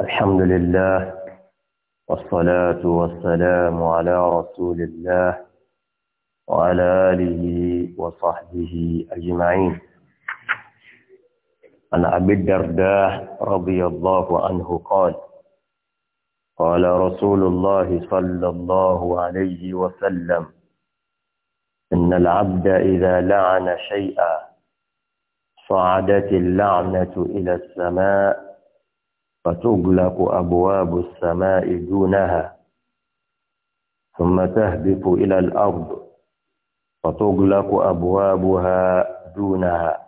الحمد لله والصلاة والسلام على رسول الله وعلى آله وصحبه أجمعين عن أبي الدرداء رضي الله عنه قال قال رسول الله صلى الله عليه وسلم إن العبد إذا لعن شيئا صعدت اللعنة إلى السماء فتغلق أبواب السماء دونها ثم تهبط إلى الأرض فتغلق أبوابها دونها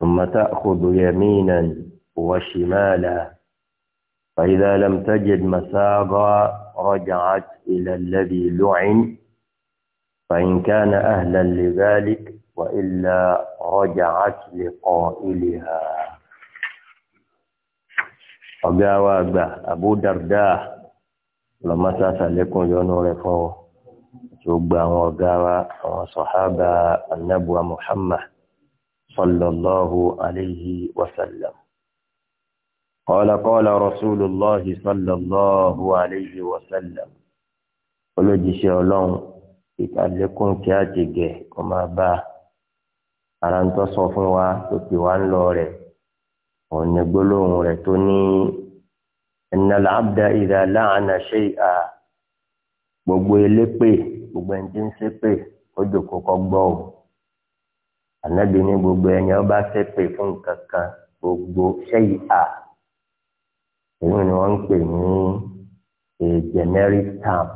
ثم تأخذ يمينا وشمالا فإذا لم تجد مساغا رجعت إلى الذي لعن فإن كان أهلا لذلك وإلا رجعت لقائلها ọ̀gá wa àgbà Abu Darda lọ́mọ́sá sàlékún yọnu rẹ̀ fún ọ tó gba àwọn ọ̀gá wa àwọn sọ̀hábà anábùwà Muhammad sallallahu alayhi wa sallam. قال قال رسول الله صلى الله عليه وسلم olójíṣẹ́ ọlọ́run ìkàlẹ́kùn kí á ti gẹ̀ kó máa bá ara ń òun ni gbólóhùn rẹ̀ tó ní innal abda idha la'ana shay'a gbogbo elépè gbogbo ẹni tí ń ṣépè ó jòkó kọ́ gbọ́ o ànábì ní gbogbo ẹni ọba ṣépè fún nǹkan kan gbogbo shay'a èyí ni wọ́n ń pè ní a generic term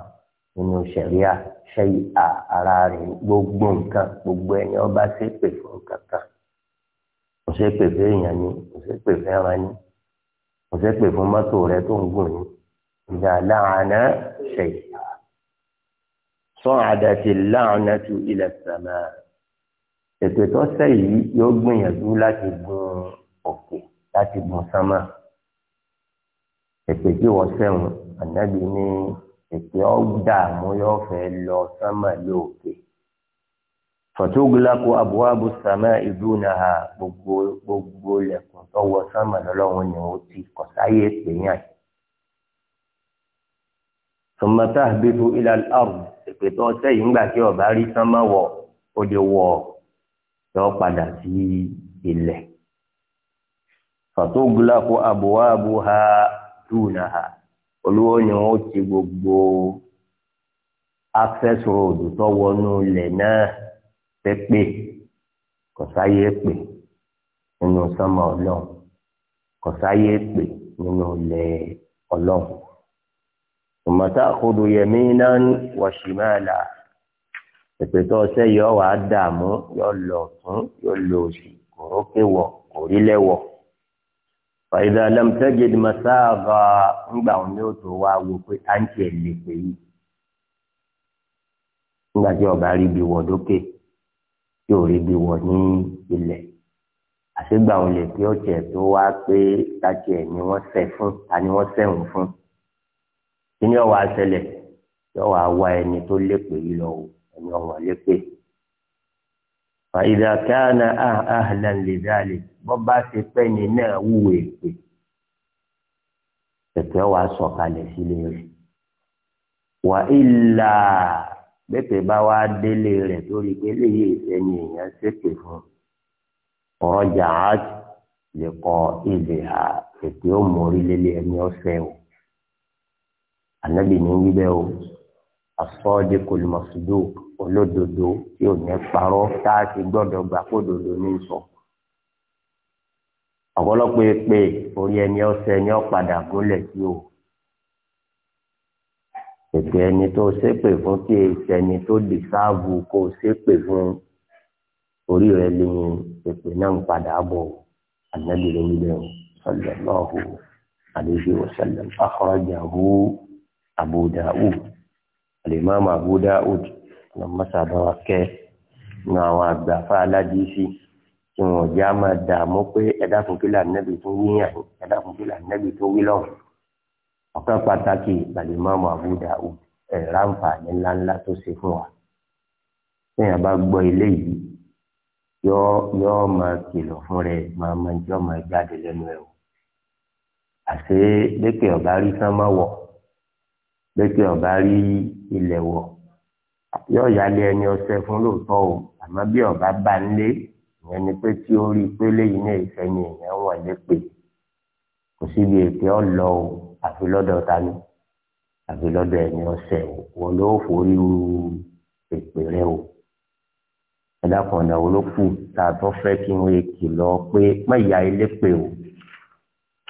nínú ṣẹ̀ríà ṣẹ́yìí ara rẹ̀ gbogbo nǹkan gbogbo ẹni ọba ṣépè fún nǹkan kan ṣe pè fún èèyàn ni kò ṣe pè fún ẹran ni kò ṣe pè fún mọ́tò rẹ tó ń gùn ni ìjà láàánà ṣe sọ́n àdàtì láàánà tu ilẹ̀ sàmà ètò ìtọ́sẹ̀ yìí yóò gbìyànjú láti gun òkè láti gun sánmà ètò ìdíwọ́ sẹ́wọ̀n ànábì ní ètò ọ̀dààmú yóò fẹ́ lọ sánmà lóòkè fàtógùlákò àbúwábù sàmà ìdúnà ha gbogbo gbogbo lẹ̀kùn tọwọ́ sàmà lọ́lọ́run ni ó ti kọsáyé pèèyàn. tòmátà bíbu ilà ọrùn ìpètò ọ̀sẹ̀ yìí ńgbà tí ọba rí sàmà wọ ó lè wọ yọ padà sí ilẹ̀. fàtógùlákò àbúwábù ha dúnà ha olówó ni ó ti gbogbo access road tọwọ́ nù lẹ̀ náà pépè kọsáyé pè nínú sánmà Ọlọ́run kọsáyé pè nínú ilẹ̀ Ọlọ́run tòmọtà àkódo yẹmí náà wọṣí máa là ìpètò ọsẹ yọ wà á dààmú yọ lọ tún yọ lọ òsì kò rókè wọ kò rí màsáàbà ńgbà wọn ni ó tó wá wo pé à ń tiẹ̀ lè pè yìí ńgbà tí ọba rí ibi wọ̀ dókè tí ò rí bí wọ̀ ní ilẹ̀ àṣegbà òun lè pé ọ̀tẹ̀ tó wá pé tàkì ẹ̀ ni wọ́n ṣẹ̀ fún ta ni wọ́n ṣẹ̀wọ̀n fún kí ni ọ̀wà ṣẹlẹ̀ yọ̀wà ẹni tó lépè yìí lọ ẹni ọ̀wà lépè. فإذا كان أهلا لذلك bọ́bá ti pẹ́ ni náà wúwo èpè kẹ̀kẹ́ wa sọ̀kalẹ̀ sílé rẹ̀ wà ìlà bẹ́tẹ̀ bá wá délé rẹ̀ torí pé léyìí ìsẹ́ni èèyàn ṣépè fún ọ̀rọ̀jà áàtì lè kọ ilé ha ètò òmòrí lélẹ̀ ẹni ọ̀sẹ̀ o ànábì ní wíbẹ̀ o asọ́ọ́dẹ kòlùmọ̀sódò olódodo tí ò ní parọ́ tá a ti gbọ́dọ̀ gbà kó dodo ní sọ ọ̀pọ̀lọpọ̀ èpè orí ẹni ọ̀sẹ̀ ni ó gúnlẹ̀ sí o ètò ẹni tó ṣépè fún kí ẹni tó lè sáàbù kó ṣépè fún orí rẹ lè èpè náà ń padà bọ̀ ànábì rẹ nílẹ̀ o sallallahu alayhi wa sallam akhrajahu Abu Dawud alimami Abu Dawud ọ̀nà mọ́sàbáwá kẹ́ ní àwọn àgbà aládìsí tí wọn ò já dààmú pé ẹ̀dá fún kílà nẹ́bì tó wí yàn ẹ̀dá fún kílà nẹ́bì tó wí lọ́hùn ọ̀kan pàtàkì làlìmáàmù Abu Dawud ẹ̀rọ àǹfààní ńláńlá tó ṣe fún wa téèyàn bá gbọ́ ilé yìí yọ yọ máa kìlọ̀ fún rẹ máa máa jọ máa jáde lẹ́nu ẹ̀ o àṣé lékè ọ̀bá rí sánmọ́ wọ̀ lékè ọ̀bá rí ilẹ̀ wọ̀ yọ yálé ẹni ọsẹ fún lóòótọ́ o àmọ́ bí ọ̀bá bá ń ìyẹn ni pé tí ó rí i pé léyìn náà ìfẹ́ ni èèyàn wọ̀ lépè kò síbi ètè ọ̀ lọ o àfi lọ́dọ̀ ta ni àfi lọ́dọ̀ ẹni ọ̀sẹ̀ o wọn ló forí ru èpè rẹ o ẹ̀dàkùn ọ̀nà wo ló kù tá a tó fẹ́ kí wọ́n kìlọ̀ pé má ya ilé pè o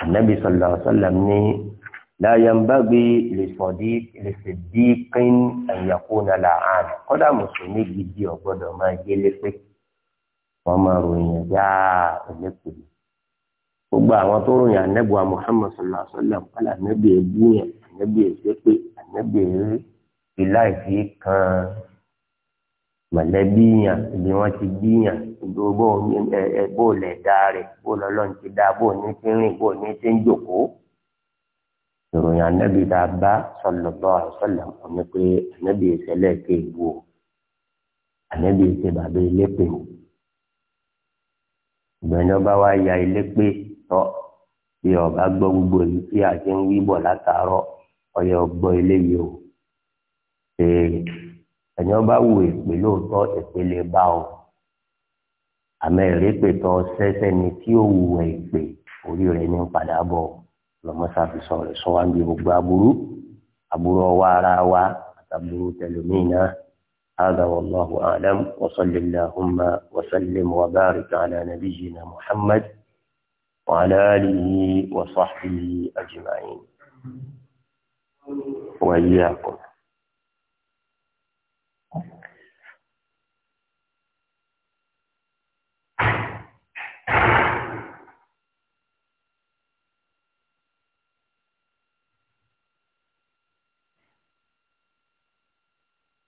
ànábì sọlá sọlá ní láyàmbágbé lèsọdí lèsèdíkín ẹ̀yàkúnà làán kọ́dà mùsùlùmí gidi ọ̀gbọ́dọ̀ máa gbélé pé wọ́n máa ròyìn yá ilé pè gbogbo àwọn tó ròyìn ànẹ́bùwà Muhammad sallallahu alaihi wa sallam kálá ànẹ́bì ẹ̀bú yẹn ànẹ́bì ẹ̀ṣẹ́pé ànẹ́bì ẹ̀rí ìlà ìfi kan mọ̀lẹ́bí yàn ibi wọ́n ti bí yàn gbogbo bó lẹ̀ dá rẹ̀ bó lọ́lọ́run ti dá bó ní ti rìn bó ní ti ń jòkóó. ìròyìn ànẹ́bì tá bá sallallahu alaihi wa sallam kò ní pé ànẹ́bì ìṣẹ̀lẹ̀ ké wo ànẹ́bì ìṣẹ̀ bàbá ilé pè ìgbẹ́ni ọba wa ya ilé pè tọ bí ọba gbọ́ gbogbo èyí tí a ti ń wí bọ̀ látàárọ̀ ọyọ gbọ́ eléyìí o ṣe ẹ̀yàn bá wù èpè lóòótọ́ èpè lè bá o àmọ́ èrè pètọ́ sẹ́sẹ́ ni tí ó wù ẹ̀ pè orí rẹ̀ ní padà bọ̀ lọ́mọ́sáfisọ rẹ̀ sọ wá ń gbogbo aburú aburú ọwọ́ ara wa àtàbúrú tẹlẹmínà هذا والله أعلم وصل اللهم وسلم وبارك على نبينا محمد وعلى آله وصحبه أجمعين وإياكم